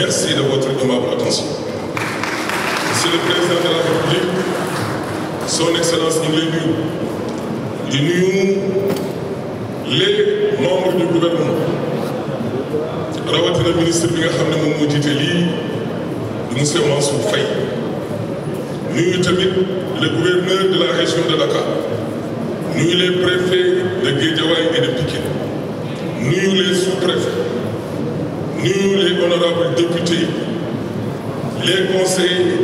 Merci de votre aimable attention. Monsieur le Président de la République, Son Excellence Inglénu, di nuyu les membres du gouvernement rawatina ministre bi nga xam ne moom moo jiite lii di monsieur Mansour Faye nuyu tamit le gouverneur de la région de Dakar nuyu les préfets nous, les honorables députés, les conseillers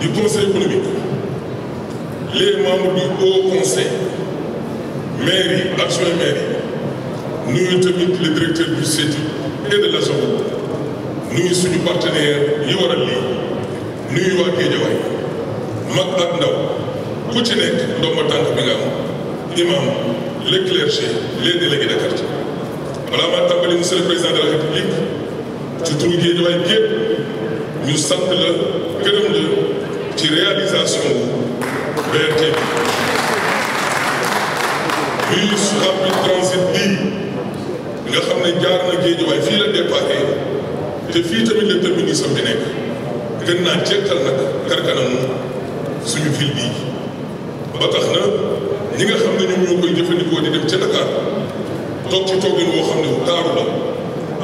du Conseil économique, les membres du Haut Conseil, mairie, adjoint mairie, nous tamit le directeur du CETI et la zone. Nous suñu partenaire yi waral lii nuyu waa Géejawaay mag ndaw ku ci nekk ndomba tànk bi nga am imam le clergé les délégués de quartier balaa maa tàmbali monsieur le président de république ci turu Guédiawaye gépp ñu sant la gërëm la ci réalisation BRT bi bus rapide transit bii nga xam ne jaar na Guédiawaye fii la départé te fii tamit la terminus bi nekk gën naa jekkal nag karkanamu suñu ville bii ba tax na ñi nga xam ne ñoom ñoo koy jëfandikoo toog ci toogin woo xam ne bu taaru la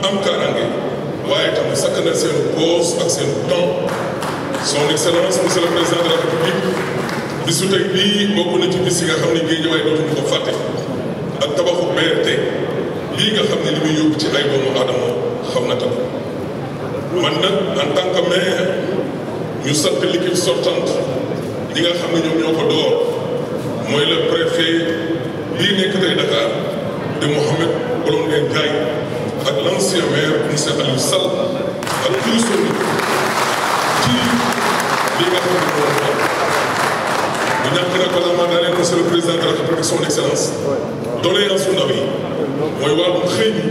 am kaaraange waaye tam sakkanal seen boos ak seen temps son excellence monsieur le président de la république bisu tey bii bokk ne Guédiawaye nga xam ne li muy yóbbu ci ay doomu aadama xam na tam man nag en tant que ñu sant l'équipe sortante li nga xam ne ñoom ñoo ko door mooy le préfet lii nekk tey Dakar de Mohamed Blondin Ndiaye ak l'ancien maire Moussa Aliou Sall ak tout son équipe li nga xam ne moom la ñu ñàkk nag balaa maa daaneel président de la République son excellence doléance ndaw yi mooy wàllum xëy mi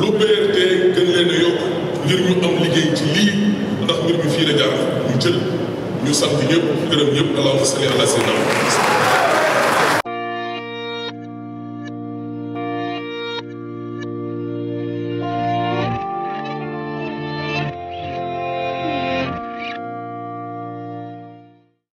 lu BRT gën leen a yokk ngir ñu am liggéey ci lii ndax mbir mi fii la jaar ñu jël ñu sant ñëpp gërëm ñëpp allahumma salli ala sayyidina